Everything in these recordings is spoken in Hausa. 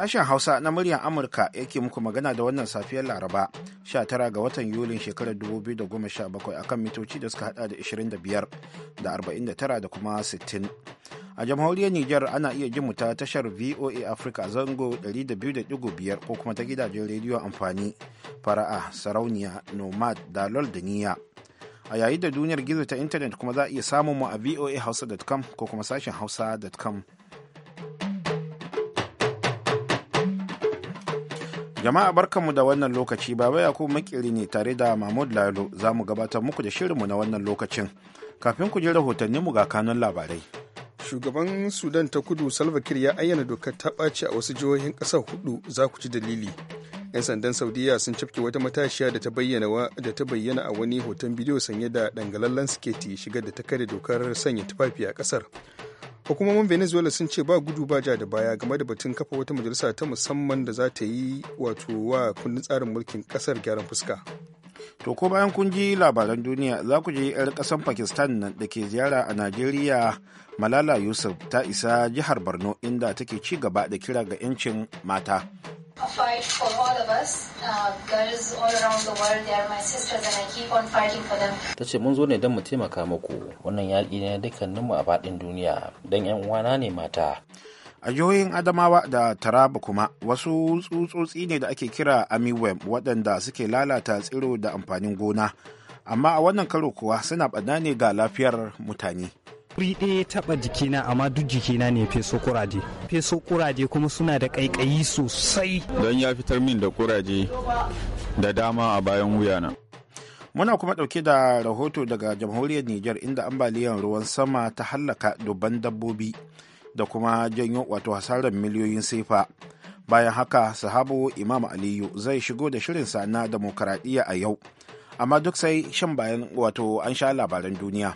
Sashen Hausa na muryar Amurka yake muku magana da wannan safiyar Laraba 19 ga watan Yulin shekarar 2017 akan mitoci da suka hada da 25 da 49 da kuma 60. A jamhuriyar Nijar ana iya jin mu ta tashar VOA Africa zango 200.5 ko kuma ta gidajen rediyo amfani fara'a sarauniya nomad da da niyya. A yayin da duniyar gizo ta intanet kuma za a iya samun mu a voahausa.com ko kuma sashen hausa.com. Jama'a barkanmu da wannan lokaci baba ya ku makiri ne tare da Mahmud Lalo za mu gabatar muku da shirinmu na wannan lokacin. Kafin ku ji mu ga kanun labarai. Shugaban Sudan ta kudu Salva Kiir ya ayyana dokar ta ɓaci a wasu jihohin ƙasar hudu za ku ci dalili. 'Yan sandan Saudiya sun cafke wata matashiya da ta bayyana da ta bayyana a wani hoton bidiyo sanye da dangalallen sketi shigar da ta kare dokar sanya tufafi a ƙasar. hukumomin venezuela sun ce ba gudu ba ja da baya game da batun kafa wata majalisa ta musamman da za ta yi wato wa kundin tsarin mulkin kasar gyaran fuska To ko bayan kun ji labaran duniya za ku je 'yar ƙasar Pakistan da ke ziyara a Najeriya Malala Yusuf ta isa jihar Borno inda take ci gaba da kira ga 'yancin mata. Uh, ta ce mun zo ne don mu taimaka muku wannan yaƙi ne dukkaninmu a faɗin duniya don 'yan uwana ne mata a adamawa da taraba kuma wasu tsutsotsi ne da ake kira amiwem waɗanda suke lalata tsiro da amfanin gona amma a wannan karo kuwa suna ɓana ne ga lafiyar mutane wuri ɗaya taɓa jikina amma duk jikina ne feso kuraje feso kuraje kuma suna da ƙaiƙayi sosai don ya fitar min da kuraje da dama a bayan wuyana muna kuma ɗauke da rahoto daga jamhuriyar niger inda ambaliyar ruwan sama ta hallaka dubban dabbobi da kuma janyo wato hasarar miliyoyin sefa bayan haka sahabu imam aliyu zai shigo da shirinsa na demokaradiyya a yau amma duk sai shan bayan wato an sha labaran duniya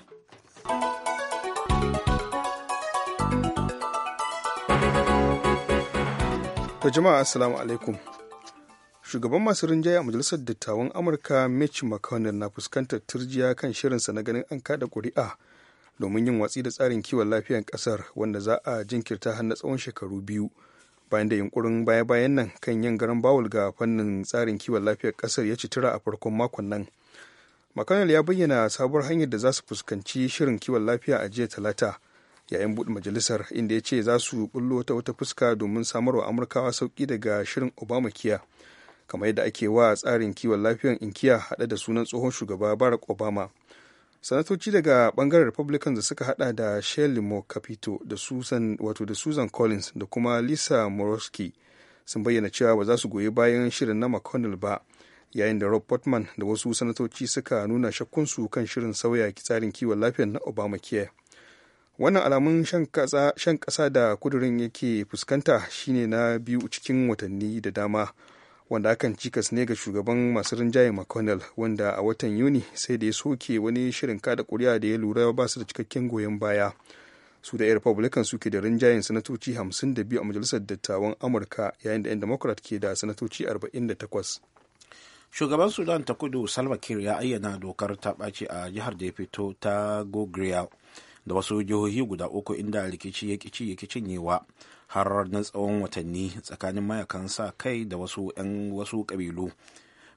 ta jama'a assalamu alaikum shugaban masu rinjaye a majalisar dattawan amurka mitch mcconnell na fuskantar turjiya kan shirinsa na ganin an kada kuri'a domin yin watsi da tsarin kiwon lafiyar kasar wanda za a jinkirta har na tsawon shekaru biyu bayan da yunkurin baya-bayan nan kan yin garan bawul ga fannin tsarin kiwon lafiyar kasar ya citira a farkon makon nan mcconnell ya bayyana sabuwar hanyar da za su fuskanci shirin kiwon lafiya a jiya talata yayin buɗe majalisar inda ya ce za su bullo ta wata fuska domin samarwa amurkawa sauki daga shirin obama kiya kamar yadda ake wa tsarin kiwon lafiyar inkiya haɗe da sunan tsohon shugaba barack obama sanatoci daga bangaren republicans da suka hada da shelly moore da susan wato da susan collins da kuma lisa morosky sun bayyana cewa ba za su goyi bayan shirin na mcconnell ba yayin da rob portman da wasu sanatoci suka nuna shakkunsu kan shirin sauya tsarin kiwon lafiyar na obamacare wannan alamun shan kasa da kudurin yake fuskanta shine na biyu cikin watanni da dama wanda akan cikas ne ga shugaban masu rinjaye mcconnell wanda a watan yuni sai da ya soke wani shirin kada kuri'a da ya lura ba su da cikakken goyon baya su da 'yan republican suke da rinjayen sanatoci 52 a majalisar dattawan amurka yayin da 'yan democrat ke da sanatoci 48 shugaban sudan ta kudu salva kiir ya ayyana dokar ta ɓaci a jihar da ya fito ta gogriya da wasu jihohi guda uku inda rikici ya kici ya yiwa har na tsawon watanni tsakanin mayakan sa kai da wasu 'yan wasu kabilu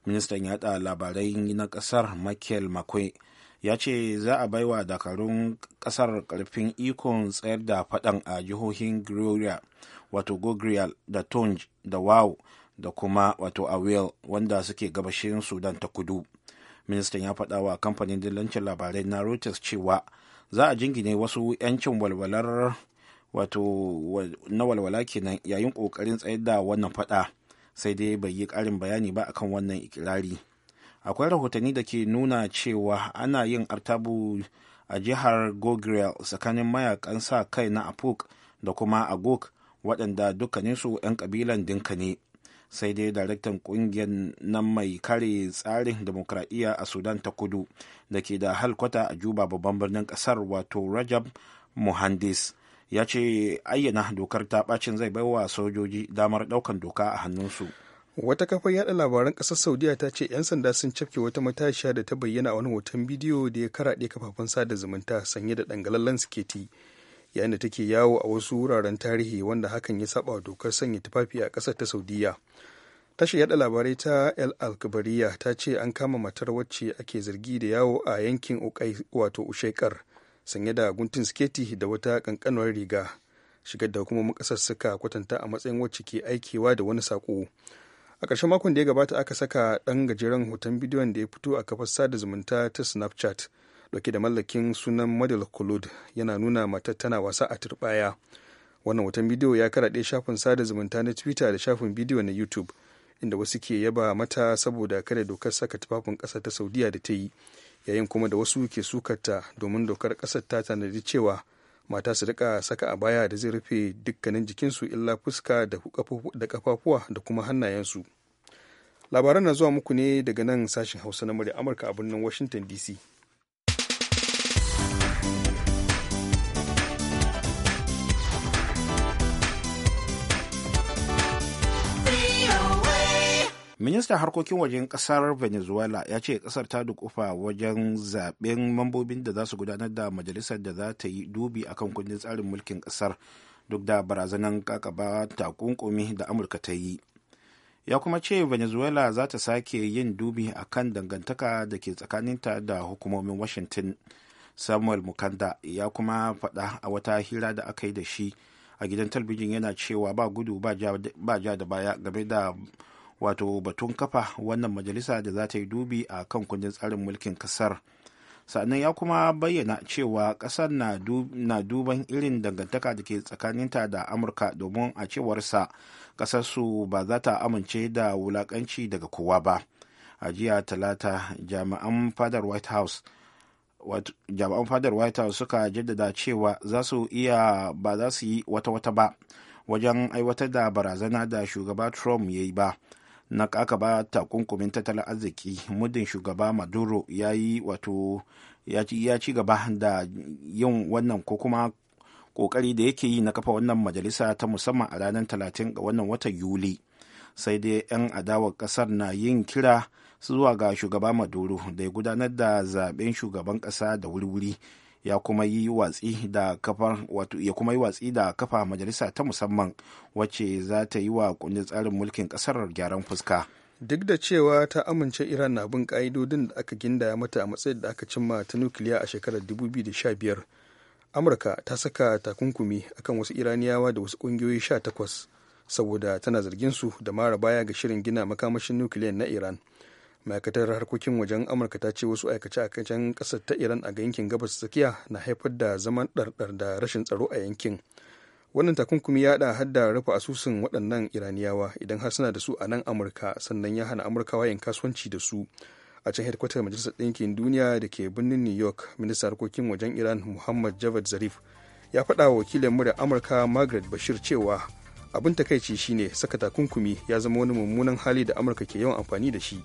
ministan yada labarai na kasar michael makwe ya ce za a baiwa dakarun kasar karfin ikon tsayar da fadan a jihohin gloria wato gogrial da tonj da wow da kuma wato awil wanda suke gabashin sudan ta kudu ministan ya faɗa wa kamfanin dillancin labarai na reuters cewa za a jingine wasu 'yancin walwalar wato na walwala kenan yayin kokarin tsayar da wannan fada sai dai bai yi karin bayani ba akan wannan ikirari akwai rahotanni da ke nuna cewa ana yin artabu a jihar gogriel tsakanin mayakan sa kai na apuk da kuma agok waɗanda dukkaninsu 'yan kabilan dinka ne sai dai daraktan kungiyar nan mai kare tsarin demokradiyya a sudan ta kudu da ke da halkwata a juba babban birnin kasar wato rajab muhandis ya ce ayyana dokar ta bacin zai bai wa sojoji damar daukan doka a hannunsu wata kafar yada labaran kasar saudiya ta ce 'yan sanda sun cafke wata matashiya da ta bayyana a wani hoton bidiyo da ya karaɗe kafafen sada zumunta sanye da dangalallen siketi yayin da take yawo a wasu wuraren tarihi wanda hakan ya saba dokar sanya tufafi a ƙasar ta saudiya tashar yada labarai ta el alkabariya ta ce an kama matar wacce ake zargi da yawo a yankin ukai wato ushekar sanye da guntun sketi da wata kankanwar riga shigar da kuma ƙasar suka kwatanta a matsayin wacce ke aikewa da wani saƙo a ƙarshen makon da ya gabata aka saka ɗan gajeren hoton bidiyon da ya fito a kafar sada zumunta ta snapchat dauke da mallakin sunan madal kulud yana nuna mata tana wasa a turbaya wannan watan bidiyo ya karaɗe shafin sada zumunta na twitter da shafin bidiyo na youtube inda wasu ke yaba mata saboda kada dokar saka tufafin ƙasa ta saudiya da ta yi yayin kuma da wasu ke sukarta domin dokar ƙasar ta tanadi cewa mata su rika saka a baya da zai rufe dukkanin jikinsu illa fuska da kafafuwa da kuma hannayensu labaran na zuwa muku ne daga nan sashen hausa na murya amurka a birnin washington dc ministan harkokin wajen kasar venezuela ya ce kasar ta dukufa wajen zaben mambobin da za su gudanar da majalisar da za ta yi dubi akan kundin tsarin mulkin kasar duk da barazanan kakaba takunkumi da amurka ta yi ya kuma ce venezuela za ta sake yin dubi akan dangantaka da ke tsakaninta da hukumomin washington samuel mukanda ya kuma faɗa a wata hira da aka yi da shi a gidan talbijin yana cewa ba gudu ba ja da baya game da wato batun kafa wannan majalisa da za ta yi dubi a kan kundin tsarin mulkin kasar sannan ya kuma bayyana cewa kasar na duban irin dangantaka da ke tsakaninta da amurka domin a cewarsa su ba za ta amince da wulakanci daga kowa ba a jiya talata jami'an fadar white house jami'an fadar white house suka jaddada cewa za su iya ba za su yi wata-wata ba wajen aiwatar da barazana da shugaba trump ya yi ba na kaka ba takunkumin tattalin arziki muddin shugaba maduro ya yi wato ya ci gaba da yin wannan ko kuma kokari da yake yi na kafa wannan majalisa ta musamman a ranar 30 ga wannan watan yuli sai dai 'yan adawar kasar na yin kira zuwa ga shugaba maduro da ya gudanar da zaben shugaban kasa da wuri-wuri ya kuma yi watsi da kafar wato ya kuma yi watsi da kafa majalisa ta musamman wacce za ta yi wa kundin tsarin mulkin ƙasar gyaran fuska duk da cewa ta amince iran na bin ka'idodin da aka gindaya mata a matsayin da aka cimma ta nukiliya a shekarar 2015 amurka ta saka takunkumi akan wasu iraniyawa da wasu ƙungiyoyi 18 saboda tana zargin su da mara baya ga shirin gina makamashin nukiliyan na iran ma'aikatar harkokin wajen amurka ta ce wasu aikace-aikacen a kasar ta iran a yankin gabas tsakiya na haifar da zaman ɗarɗar da rashin tsaro a yankin wannan takunkumi ya haɗa hadda rufe asusun waɗannan iraniyawa idan har suna da su a nan amurka sannan ya hana amurkawa yin kasuwanci da su a can hedkwatar majalisar ɗinkin duniya da ke birnin new york ministan harkokin wajen iran muhammad javad zarif ya faɗa wa wakilin murya amurka margaret bashir cewa abin takaici shine saka takunkumi ya zama wani mummunan hali da amurka ke yawan amfani da shi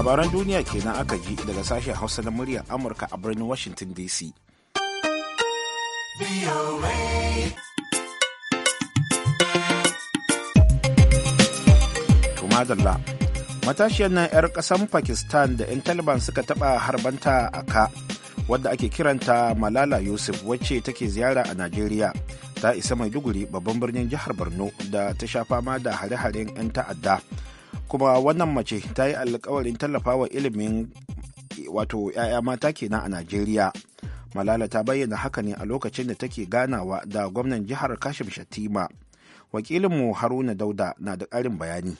labaran duniya kenan aka ji daga sashen hausa na muryar amurka a birnin washington dc madalla matashiyar nan 'yar kasan pakistan da 'yan taliban suka taba harbanta a ka wadda ake kiranta malala yusuf wacce take ziyara a najeriya ta isa mai duguri babban birnin jihar borno da ta sha fama da hare-haren 'yan ta'adda kuma wannan mace ta yi alkawarin tallafawa ilimin wato 'ya'ya mata kenan a najeriya malala ta bayyana haka ne a lokacin da take ganawa da gwamnan jihar kashim shatima wakilinmu haruna dauda na da ƙarin bayani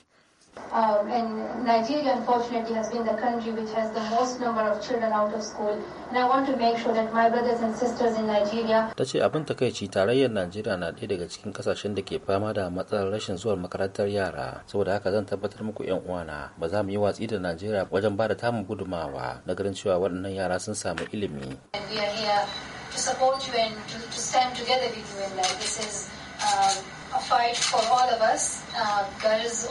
Um, and Nigeria, unfortunately, has been the country which has the most number of children out of school. And I want to make sure that my brothers and sisters in Nigeria. Ta ce abin takaici tarayyar Najeriya na ɗaya daga cikin kasashen da ke fama da matsalar rashin zuwa makarantar yara. Saboda haka zan tabbatar muku yan uwana ba za mu yi watsi da Najeriya wajen ba da tamu gudumawa na ganin cewa waɗannan yara sun samu ilimi. And we are here to support you and to, to stand together with you in life. This is um, fight for all of us. Uh,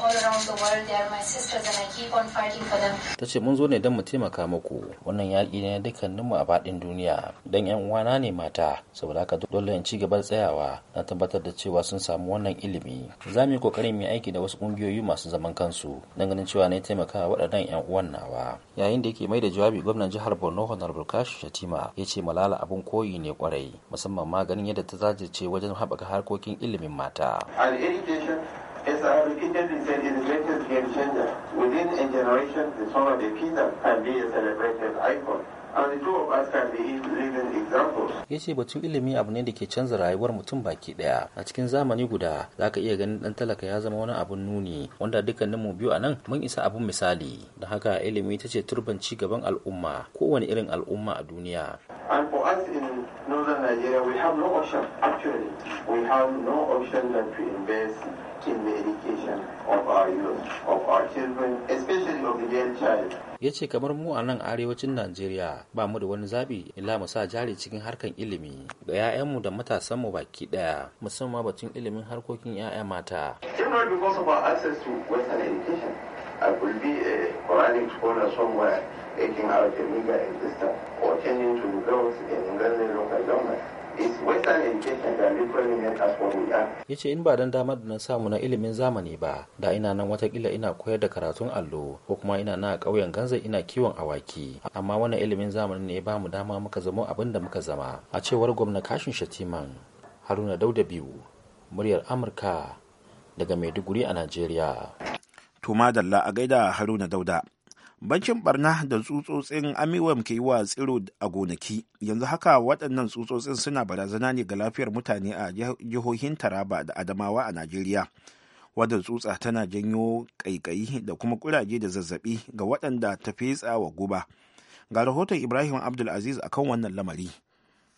all around the world, they are my sisters and I keep on fighting for them. Ta ce mun zo ne don mu taimaka muku. Wannan yaƙi ne dukkanin mu a faɗin duniya. Dan ƴan uwana ne mata, saboda haka dole in ci gaba tsayawa na tabbatar da cewa sun samu wannan ilimi. Za mu yi kokarin mu aiki da wasu ƙungiyoyi masu zaman kansu don ganin cewa ne taimakawa waɗannan 'yan uwan nawa. Yayin da yake mai da jawabi gwamnan jihar Borno Honorable Kashi Shatima ya ce Malala abin koyi ne kwarai musamman ma ganin yadda ta ce wajen haɓaka harkokin ilimin mata. And education, as I repeatedly said, the greatest game changer. Within a generation, the son of the kingdom can be a celebrated icon. E-, Yace batun ilimi abu ne da ke canza rayuwar mutum baki daya a cikin zamani guda za ka iya ganin dan talaka ya zama wani abun nuni wanda dukkanin mu biyu a nan mun isa abun misali da haka ilimi ta ce turban ci gaban al'umma kowane irin al'umma a duniya and for us Nigeria, we have no option. Actually, we have no option than to invest in the education of our youth, of our children, especially of the young child. ya ce kamar mu a nan arewacin najeriya ba mu da wani zabi illa mu sa jari cikin harkan ilimi ga 'ya'yanmu da matasanmu baki daya musamman batun ilimin harkokin 'ya'ya mata. It's because of our access to western education. I will be a Quranic scholar somewhere taking out a meager existence or changing to results in Uganda local government. ya ce in ba don damar da na samu na ilimin zamani ba da ina nan watakila ina koyar da karatun allo ko kuma ina na ƙauyen ganza ina kiwon awaki amma wannan ilimin zamani ne ba mu dama muka zama abin da muka zama a cewar gwamna kashin shatiman haruna dauda biyu muryar amurka daga maiduguri a najeriya To madalla a gaida Haruna Dauda. bancin barna da tsutsotsin amiwam ke yi wa tsiro a gonaki yanzu haka waɗannan tsutsotsin suna barazana ne ga lafiyar mutane a jihohin Taraba da Adamawa a Najeriya. Wadda tsutsa tana janyo ƙaiƙayi da kuma ƙuraje da zazzaɓi ga waɗanda ta fetsa wa guba. Ga rahoton Ibrahim Abdulaziz akan wannan lamari.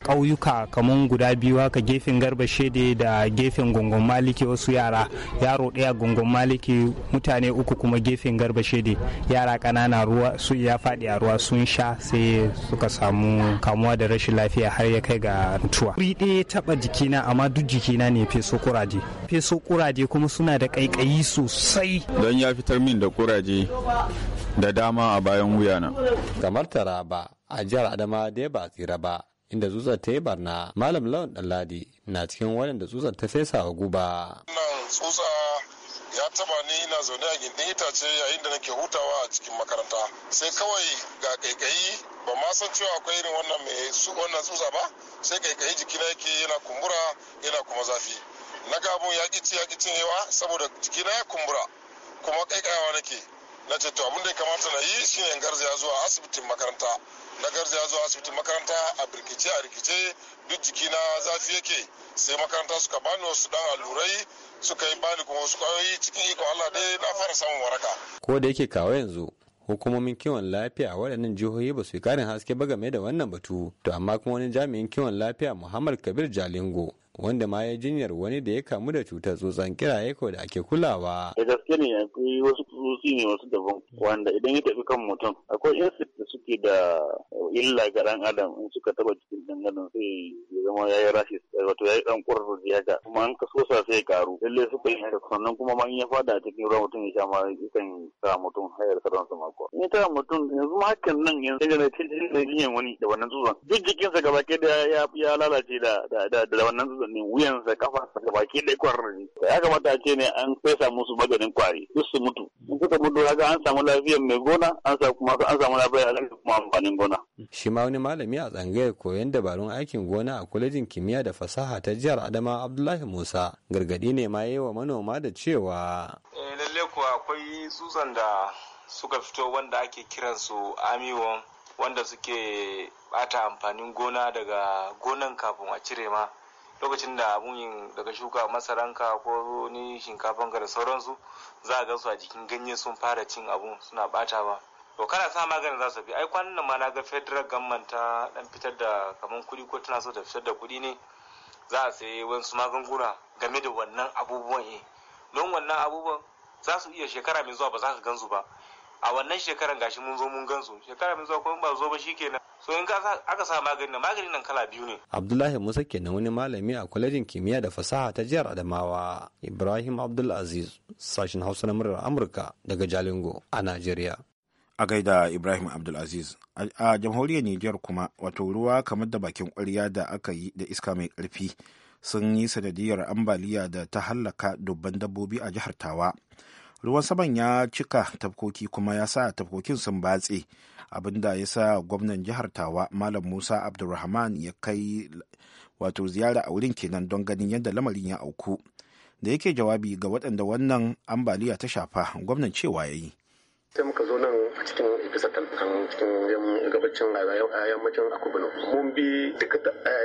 ƙauyuka kamar guda biyu haka gefen garba shede da gefen gungun maliki wasu yara yaro ɗaya gungun maliki mutane uku kuma gefen garba shede yara ƙanana ruwa su ya faɗi a ruwa sun sha sai suka samu kamuwa da rashin lafiya har ya kai ga mutuwa kuri ɗaya taɓa jikina amma duk jikina ne feso kuraje feso kuraje kuma suna da ƙaiƙayi sosai don ya fitar min da kuraje da dama a bayan wuyana kamar taraba a jihar adama da ba tsira ba inda tsutsar ta yi barna malam lawan ɗanladi na cikin da tsutsar ta fesa wa guba. wannan tsutsa ya taba ni ina zaune a gindin itace yayin da nake hutawa a cikin makaranta sai kawai ga kaikayi ba ma san cewa akwai irin wannan mai su wannan tsutsa ba sai kaikayi jikina yake yana kumbura yana kuma zafi na ga abun ya kici ya yawa saboda jikina ya kumbura kuma kaikayawa nake na ce to abin da ya kamata na yi shine garzaya zuwa asibitin makaranta na ya zo asibitin makaranta a birkice a rikice duk jiki na zafi yake sai makaranta suka bani wasu dan allurai suka yi bani kuma wasu kwayoyi cikin ikon Allah dai na fara samun waraka. Ko da yake kawo yanzu hukumomin kiwon lafiya waɗannan jihohi ba su yi karin haske ba game da wannan batu to amma kuma wani jami'in kiwon lafiya muhammad kabir jalingo wanda ma ya jinyar wani da ya kamu da cutar tsutsan kiraye ko da ake kulawa. Da gaske ne akwai wasu tsutsi ne wasu dabam wanda idan ya tafi kan mutum akwai insect da suke da illa ga dan adam in suka taba jikin dan adam sai ya zama yayi rashi wato yayi dan kurru ya ga kuma an kaso sa sai karu lalle suka yi haka sannan kuma ma in ya fada cikin ruwa mutum ya sha ma yakan sa mutum hayar saran su mako. Ni ta mutum yanzu hakan nan yanzu yana cikin jinyar wani da wannan tsutsan duk jikinsa gaba ɗaya ya lalace da da da wannan maganin wuyan sa kafa sa baki ɗaya kwararri ya kamata a ce ne an fesa musu maganin kwari duk su mutu in suka mutu ga an samu lafiyar mai gona an samu kuma an samu lafiyar kuma amfanin gona shi ma wani malami a tsangayar koyon dabarun aikin gona a kwalejin kimiyya da fasaha ta jihar adama abdullahi musa gargadi ne ma yi wa manoma da cewa eh, lalle kuwa akwai tsutsan da suka fito wanda ake kiran su amiwon wanda suke bata amfanin gona daga gonan kafin a cire ma lokacin da abun daga shuka masaranka ko ni shinkafanka da sauransu za a su a jikin ganye sun fara cin abun suna batawa to kana sa maganin za su bi ai kwanan nan ma na ga federal government ta dan fitar da kaman kuɗi ko tana so ta fitar da kuɗi ne za a sayi wasu magunguna game da wannan abubuwan eh don wannan abubuwan za su iya shekara mai zuwa ba za ka gansu ba a wannan shekaran gashi mun zo mun gansu shekara mai zuwa kuma ba zo ba shikenan so in aka sa maganin maganin nan kala biyu ne abdullahi musa kenan wani malami a kwalejin kimiyya da fasaha ta jihar adamawa ibrahim abdulaziz sashen hausa na murar amurka daga jalingo a najeriya a gaida ibrahim abdulaziz a jamhuriyar niger kuma wato ruwa kamar da bakin kwarya da aka yi da iska mai karfi sun yi sanadiyar ambaliya da ta hallaka dubban dabbobi a jihar tawa ruwan saman ya cika tafkoki kuma ya sa tafkokin sun batse abinda ya sa gwamnan jihar tawa malam musa abdulrahman ya kai wato ziyara a wurin kenan don ganin yadda lamarin ya auku da yake jawabi ga waɗanda wannan ambaliya ta shafa gwamnan cewa ya yi a cikin bisa a cikin gabacin a yammacin akubino mun bi duka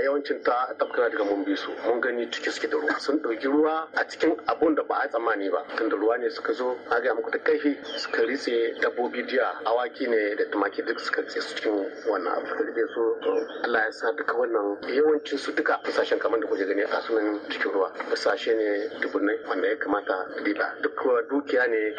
yawancin ta tafkana daga mun bi su mun gani cikin suke da ruwa sun dauki ruwa a cikin abun da ba a tsammani ba tun da ruwa ne suka zo a ga muku da kaifi suka rise dabbobi jiya awaki ne da tumaki duk suka ritse su cikin wannan abu da so Allah ya sa duka wannan yawancin su duka fasashen kamar da kuke gani a sunan cikin ruwa fasashe ne dubunai wanda ya kamata diba duk dukiya ne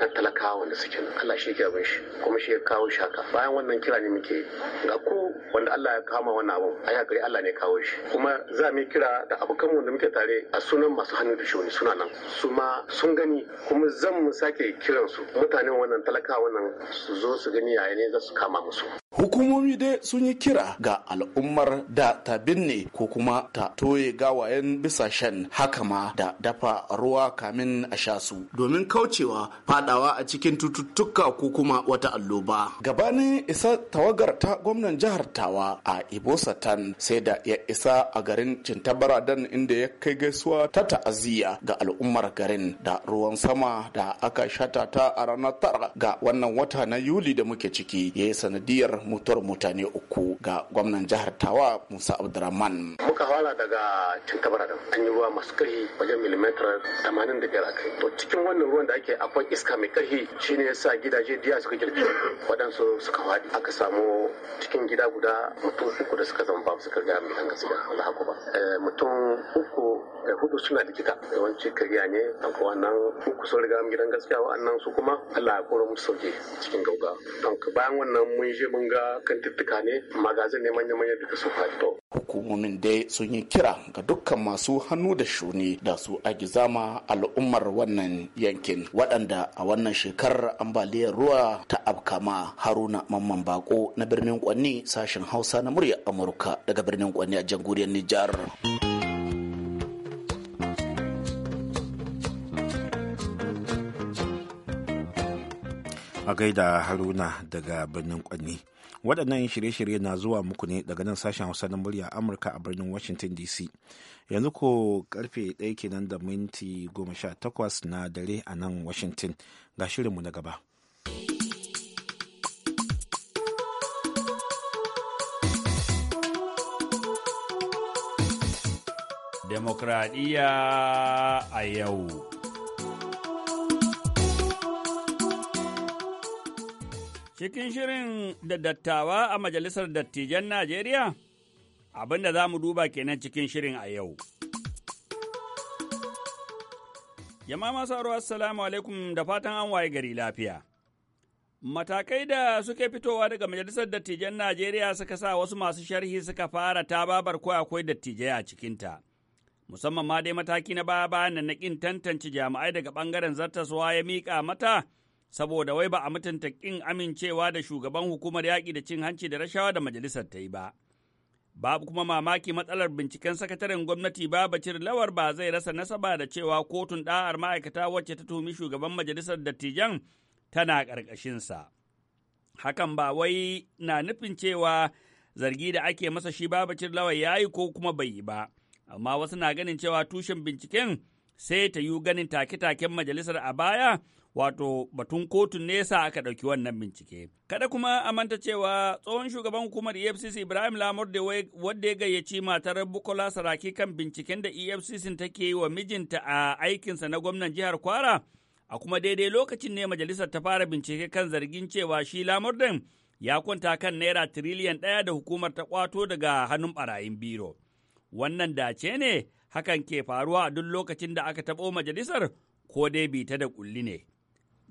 na talakawa wanda suke Allah shi ke abin shi kuma shi ya kawo shi haka bayan wannan kira ne muke ga ko wanda Allah ya kama wannan abu ai hakuri Allah ne kawo shi kuma za mu kira da abokanmu da muke tare a sunan masu hannu da shuni suna nan su ma sun gani kuma zan mu sake kiransu. mutanen wannan talaka wannan su zo su gani yayin ne za su kama musu hukumomi dai sun yi kira ga al'ummar da ta binne ko kuma ta toye gawayen bisashen haka ma da dafa ruwa kamin a sha su domin kaucewa fadawa a cikin tututtuka ko kuma wata alloba gabanin isa tawagar ta gwamnan jihar tawa a ibosatan sai da ya isa a garin cintabara dan inda ya kai gaisuwa ta ta'aziyya ga al'ummar garin da ruwan sama da aka shata ta a ranar tara ga wannan wata na yuli da muke ciki ya yi sanadiyar mutuwar mutane uku ga gwamnan jihar tawa musa abdurrahman muka fara daga cin kabar adam an yi ruwa masu karhi wajen milimetar da biyar akai to cikin wannan ruwan da ake akwai iska mai karhi shine yasa gidaje diya suka girki waɗansu suka faɗi aka samu cikin gida guda mutum uku da suka zama ba su ga mai hanga siga Allah ba eh, mutum uku da eh, hudu suna likita yawanci kariya ne akwai wannan uku riga gidan gaskiya wa'annan su kuma Allah ya kora musu sauke cikin gauga don bayan wannan mun je mun ga kantuttuka ne magazin ne manya-manya duka sun faɗi hukumomin dai sun yi kira ga dukkan masu hannu da shuni da su agizama al'ummar wannan yankin waɗanda a wannan shekarar ambaliyar ruwa ta abkama haruna mamman bako na birnin kwanni sashen hausa na murya amurka daga birnin kwanni a jamhuriyar nijar. da haruna daga birnin kwanni waɗannan shirye-shirye na zuwa muku ne daga nan sashen hausa na murya amurka a birnin washington dc yanzu ko karfe ɗaya kenan da minti goma sha takwas na dare a nan washington ga shirinmu na gaba demokradiyya a yau Cikin shirin da dattawa a Majalisar Dattijan Najeriya, Abinda da za mu duba kenan cikin shirin a yau. Yama masu aro assalamu alaikum da fatan an waye gari lafiya. Matakai da suke fitowa daga Majalisar Dattijan Najeriya suka sa wasu masu sharhi suka fara babar ko akwai dattijai a cikinta. Musamman ma dai mataki na baya bayan na ƙin tantance jami'ai daga ɓangaren zartaswa ya miƙa mata. saboda wai ba a mutunta ƙin amincewa da shugaban hukumar yaƙi da cin hanci da rashawa da majalisar ta yi ba. Babu kuma mamaki matsalar binciken sakataren gwamnati bacir Lawar ba zai rasa nasaba da cewa kotun ɗa'ar ma'aikata wacce ta tuhumi shugaban majalisar dattijan tana ƙarƙashinsa. Hakan ba wai na nufin cewa zargi da ake masa shi bacir Lawar ya yi ko kuma bai yi ba, amma wasu na ganin cewa tushen binciken sai ta yi ganin take-taken majalisar a baya wato batun kotun nesa aka ɗauki wannan bincike. Kada kuma a manta cewa tsohon shugaban hukumar EFCC Ibrahim Lamur da wadda ya gayyaci matar Bukola Saraki kan binciken da EFCC take yi wa mijinta a aikinsa na gwamnan jihar Kwara. A kuma daidai lokacin ne majalisar ta fara bincike kan zargin cewa shi lamurden, ya kwanta kan naira tiriliyan ɗaya da hukumar ta kwato daga hannun barayin biro. Wannan dace ne hakan ke faruwa a duk lokacin da aka taɓo majalisar ko dai bi ta da ƙulli ne.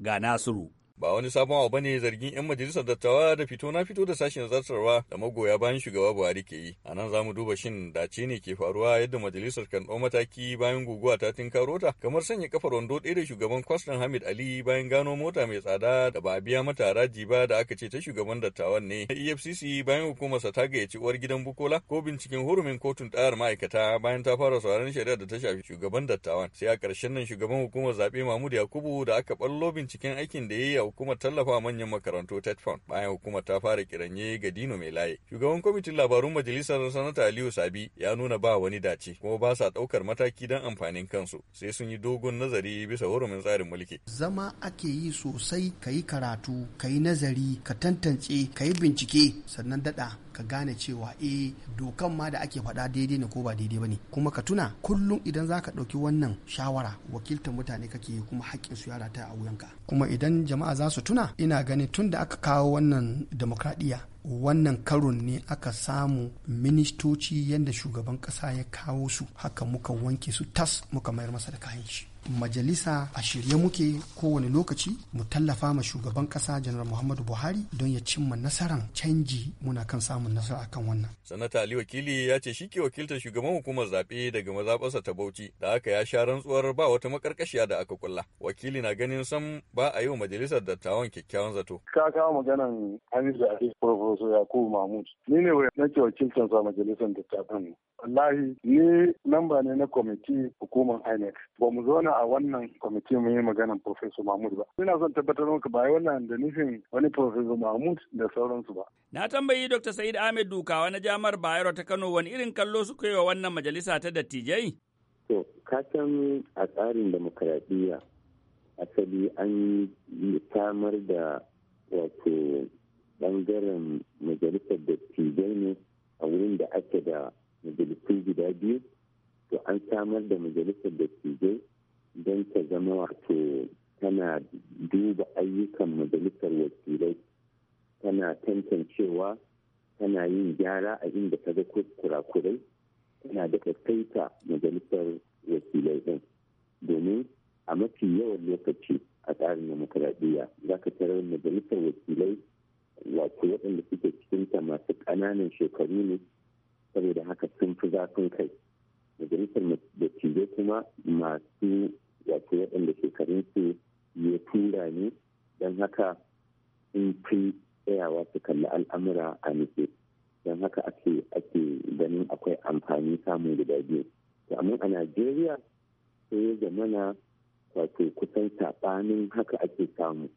ga Nasiru. ba wani sabon abu ne zargin 'yan majalisar dattawa da fito na fito da sashen zartarwa da magoya bayan shugaba buhari ke yi a nan za mu duba shin dace ne ke faruwa yadda majalisar kan ɗau mataki bayan guguwa ta tinkaro ta kamar sanya kafar wando ɗaya da shugaban kwastan hamid ali bayan gano mota mai tsada da ba a biya mata haraji ba da aka ce ta shugaban dattawan ne na efcc bayan hukumarsa ta gayyaci uwar gidan bukola ko binciken hurumin kotun ɗayar ma'aikata bayan ta fara sauraron shari'a da ta shafi shugaban dattawan sai a ƙarshen nan shugaban hukumar zaɓe mahmud yakubu da aka ɓallo binciken aikin da ya yi a hukumar tallafa manyan makarantu tetfon bayan hukumar ta fara kiranye ga dino mai laye shugaban kwamitin labarun majalisar sanata aliyu sabi ya nuna ba wani dace kuma ba sa daukar mataki don amfanin kansu sai sun yi dogon nazari bisa hurumin tsarin mulki zama ake yi sosai ka yi karatu ka yi nazari ka tantance ka yi bincike sannan dada ka gane cewa eh dokan ma da ake faɗa daidai ne ko ba daidai ba ne kuma ka tuna kullum idan za ka ɗauki wannan shawara wakiltar mutane kake yi kuma haƙƙin su yara ta a wuyanka kuma idan jama'a za su tuna ina ganin tun da aka kawo wannan demokradiyya wannan karon ne aka samu ministoci yadda shugaban kasa ya kawo su haka muka wanke su tas muka mayar masa da kayan shi majalisa a shirye muke kowane lokaci mu tallafa ma shugaban kasa janar muhammadu buhari don ya cimma nasaran canji muna kan samun nasara akan wannan sanata ali wakili ya ce shi ke wakiltar shugaban hukumar zaɓe daga mazaɓarsa ta bauchi da aka ya sha rantsuwar ba wata makarkashiya da aka kulla wakili na ganin sam ba a yi wa majalisar dattawan kyakkyawan zato ka kawo maganan hamidu ali Profesor Yakubu Mahmud. Ni ne nake wakiltar sa majalisar dattawan. Wallahi ni namba ne na kwamiti hukumar INEC. Ba mu zauna a wannan kwamiti mu yi maganan Profesor Mahmud ba. Ina son tabbatar maka ba wannan da nufin wani Profesor Mahmud da sauransu ba. Na tambayi Dr. Sa'id Ahmed Dukawa na Jamar Bayero ta Kano wani irin kallo suka yi wa wannan majalisa ta dattijai? To, ka san a tsarin demokaradiyya asali an samar da wato bangaren majalisar dattijai ne a wurin da ake da majalisun guda biyu to an samar da majalisar dattijai don ta zama wato tana duba ayyukan majalisar wakilai tana tantancewa tana yin gyara a inda ta ga kurakurai tana da kaita majalisar wakilai din domin a mafi yawan lokaci a tsarin demokradiyya za ka tarar majalisar wakilai wato waɗanda suke cikin ta masu ƙananan shekaru ne saboda haka sun fi zafin kai majalisar dattijai kuma masu wato waɗanda shekarunsu ya tura ne don haka sun fi tsayawa su kalli al'amura a nufi don haka ake ake ganin akwai amfani samun guda biyu amma a najeriya sai ya zamana wato kusan saɓanin haka ake samu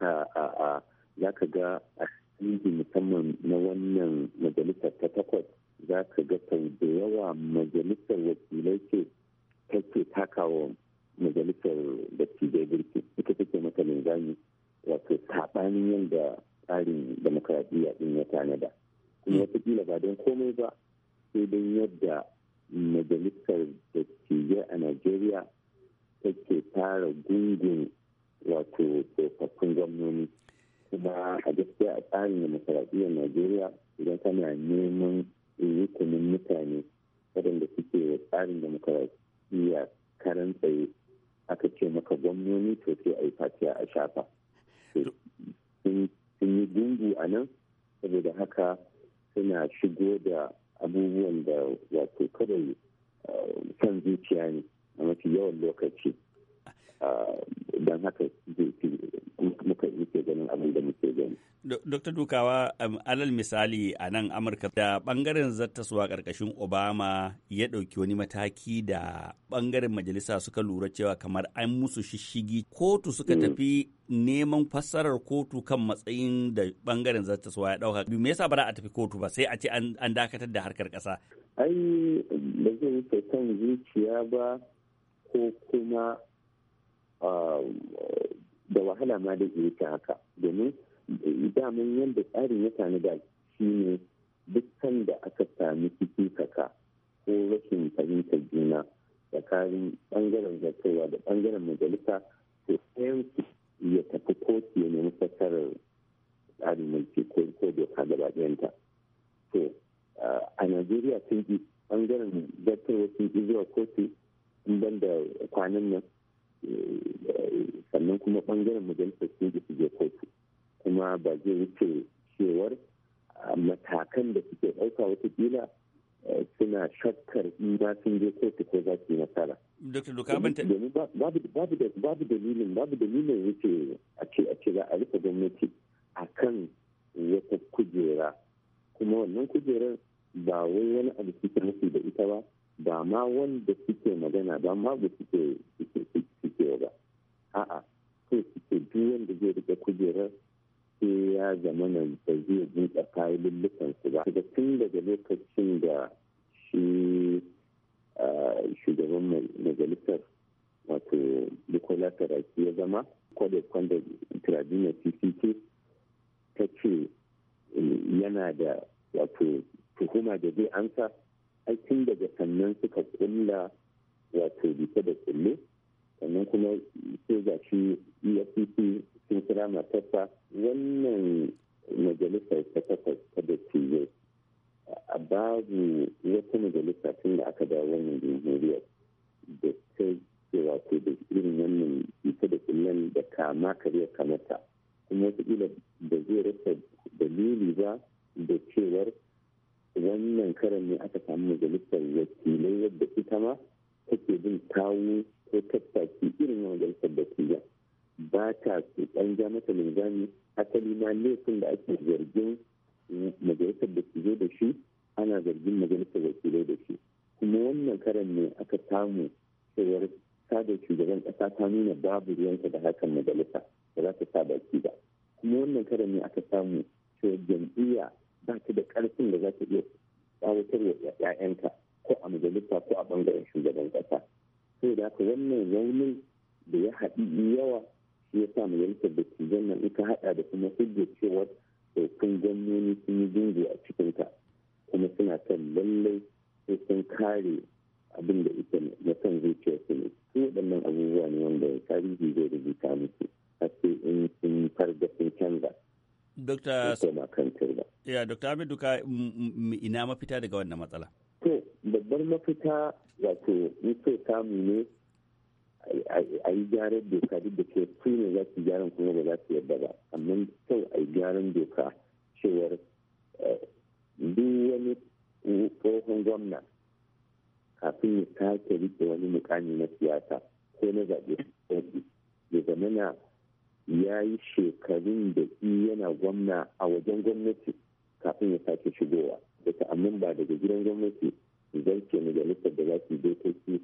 a za ka ga a musamman na wannan majalisar ta takwas za ka ga sau da yawa majalisar wakilai ce take takawa majalisar dattijai birki ita take mata linzami wato saɓanin yadda tsarin demokradiyya din ya da kuma hmm. watakila ba don komai ba sai don yadda majalisar dattijai a najeriya take tara gungun wato tsofaffin gwamnoni kuma a gaskiya a tsarin demokaradiyyar najeriya idan kana neman rukunin mutane waɗanda suke da tsarin demokaradiyya karan tsaye aka ce maka gwamnoni to sai a yi fatiya a shafa sun yi gungu a nan saboda haka suna shigo da abubuwan da wato kawai eh, son zuciya ne a mafi yawan lokaci ah, don haka Dr. Dukawa alal misali a nan Amurka da bangaren zartaswa karkashin Obama ya ɗauki wani mataki da bangaren majalisa suka lura cewa kamar an musu shishigi kotu suka mm. tafi neman fassarar kotu kan matsayin da bangaren suwa ya ɗauka. Me yasa ba a tafi kotu ba sai a ce an dakatar da harkar kasa. Ai ba zai wuce kan zuciya ba ko kuma ah, da wahala ma da ke haka domin daman yadda tsarin ya da shi ne dukkan da aka sami cikin kaka ko rashin fahimtar juna tsakanin bangaren zartarwa da bangaren majalisa to ɗayan ya tafi kotu ya nemi fassarar tsarin mulki ko doka gaba ɗayanta to a najeriya sun ji bangaren zartarwa sun ji zuwa kotu in ban da kwanan nan eh, sannan kuma bangaren majalisar sun ji su je kotu kuma ba zai wuce cewar ah, matakan da suke ɗauka watakila eh, suna shakkar in ma sun je kotu ko za su yi nasara. babu dalilin babu dalilin wuce a ce a ce za a rufe gwamnati a kan wata kujera kuma wannan kujerar ba wai wani abu suke nufi da ita ba ba ma wanda suke magana ba ma ba suke suke ba a'a so suke duk wanda zai rike kujerar sai ya zamana ba zai buɗe kayan su ba daga tun daga lokacin da shi shugaban majalisar wato Nicola taraki ya zama kwadakwan da Tradina cct ta ce eh, yana da wato tuhuma da zai ansa aikin daga sannan suka kulla wato bisa da kulle sannan kuma sai ga shi efcc sun kira matarsa wannan majalisa ta takwas ta dattijai a babu wata majalisa tun da aka dawo wannan jamhuriyar da ta wato da irin wannan ita da kullum da kama karya kamata kuma ila da zai rasa dalili ba da cewar wannan karan ne aka samu majalisar wakilai yadda ita ma take bin kawo ko tattaki irin na majalisar dattijan ba ta su an ja mata linzami asali na laifin da ake zargin majalisar dattijai da shi ana zargin majalisar wakilai da shi kuma wannan karan ne aka samu cewar sada shugaban kasa ta nuna babu ruwanka da hakan majalisa da za ta sa baki ba kuma wannan karan ne aka samu cewa jam'iyya ba ta da ƙarfin da za ta iya tsawatar wa 'ya'yanta ko a majalisa ko a bangaren shugaban kasa sai da haka wannan raunin da ya haɗi yawa shi ya sa majalisar dattijan nan ita haɗa da kuma hujjar cewar ɗaukun gwamnoni sun yi gungu a cikinta kuma suna kan lallai sai sun kare abin da ita na son zuciya su ne su waɗannan abubuwa ne wanda tarihi zai rubuta musu har sai in sun farga sun canza. Dokta Amir Duka ina mafita daga wannan matsala? to babbar mafita wato in so samu ne a yi gyaran doka duk da ke su ne za su gyaran kuma ba za su yarda ba amma kyau a yi gyaran doka cewar eh, duk wani tsohon gwamna kafin ya sake rike wani mukami na siyasa ko na zaɓe ya na ya yi shekarun da yana gwamna a wajen gwamnati kafin ya sake shigowa da amin ba daga gidan gwamnati zarce majalisar da za su dokoki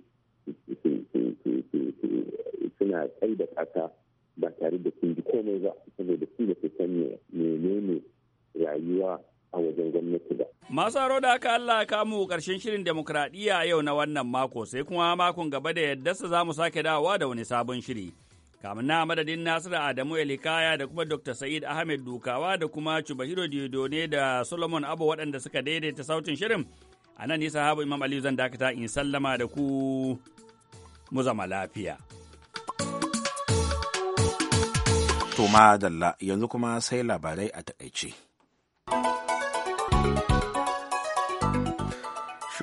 suna kai da kasa ba tare da sun ji komai ba saboda su da su san menene rayuwa a wajen gwamnati ba. Masu haro da aka Allah ka mu karshen shirin demokradiyya yau na wannan mako sai kuma makon gaba da yadda za mu sake dawowa da wani sabon shiri. Kamun na madadin Nasiru Adamu Elikaya da kuma Dr. Sa'id Ahmed Dukawa da kuma Diodo ne da Solomon Abu waɗanda suka daidaita sautin shirin. A nan nisa habu Imam Aliyu zan dakata in sallama da ku mu zama lafiya. To yanzu kuma sai labarai a takaice.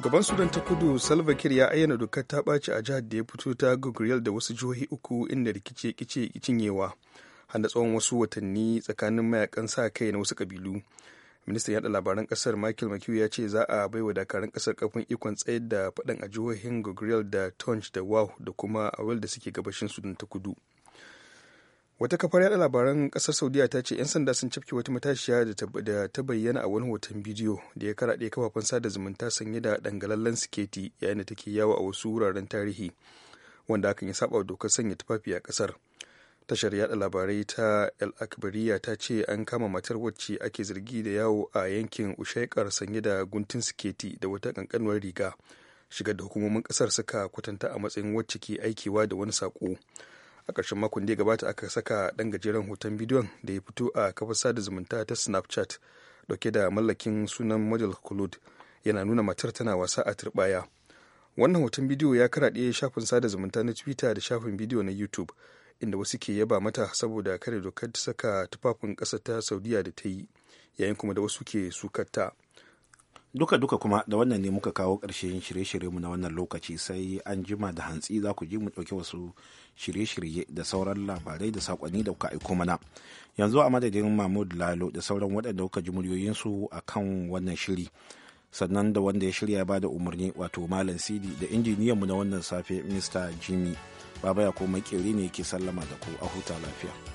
shugaban sudan ta kudu salva kiir ya ayyana dokar ta ɓaci a jihar da ya fito ta gogriyar da wasu jihohi uku inda rikice kice cinyewa har tsawon wasu watanni tsakanin mayakan sa kai na wasu kabilu ministan yada labaran kasar michael mchugh ya ce za a baiwa dakarun kasar kafin ikon tsayar da faɗan a jihohin gogriyar da tonch da wow da kuma awel da suke gabashin sudan ta kudu wata kafar yada labaran kasar saudiya ta ce 'yan sanda sun cafke wata matashiya da ta bayyana a wani hoton bidiyo da ya karaɗe kafafen sada zumunta sanye da dangalallen siketi yayin da take yawo a wasu wuraren tarihi wanda hakan ya saba dokar sanya tufafi a kasar tashar yada labarai ta el akbariya ta ce an kama matar wacce ake zargi da yawo a yankin ushaikar sanye da guntun siketi da wata kankanuwar riga shigar da hukumomin kasar suka kwatanta a matsayin wacce ke aikewa da wani saƙo a ƙarshen makon da ya gabata aka saka ɗan gajeren hoton bidiyon da ya fito a kafar sada zumunta ta snapchat dauke da mallakin sunan model kulud yana nuna matar tana wasa a turɓaya. wannan hoton bidiyo ya karaɗe shafin sada zumunta na twitter da shafin bidiyo na youtube inda wasu ke yaba mata saboda kare dokar saka tufafin ƙasa ta saudiya da ta yi yayin kuma da wasu ke sukarta duka-duka kuma da wannan ne muka kawo ƙarshen shirye-shiryenmu na wannan lokaci sai an jima da hantsi za ku ji mu ɗauki wasu shirye-shirye da sauran labarai da saƙonni da kuka aiko mana yanzu a madadin mahmud lalo da sauran waɗanda kuka ji muryoyinsu a kan wannan shiri sannan da wanda ya shirya ba da umarni wato malam sidi da injiniyanmu na wannan safe mr jimmy baba ya ko makeri ne ke sallama da ku a huta lafiya.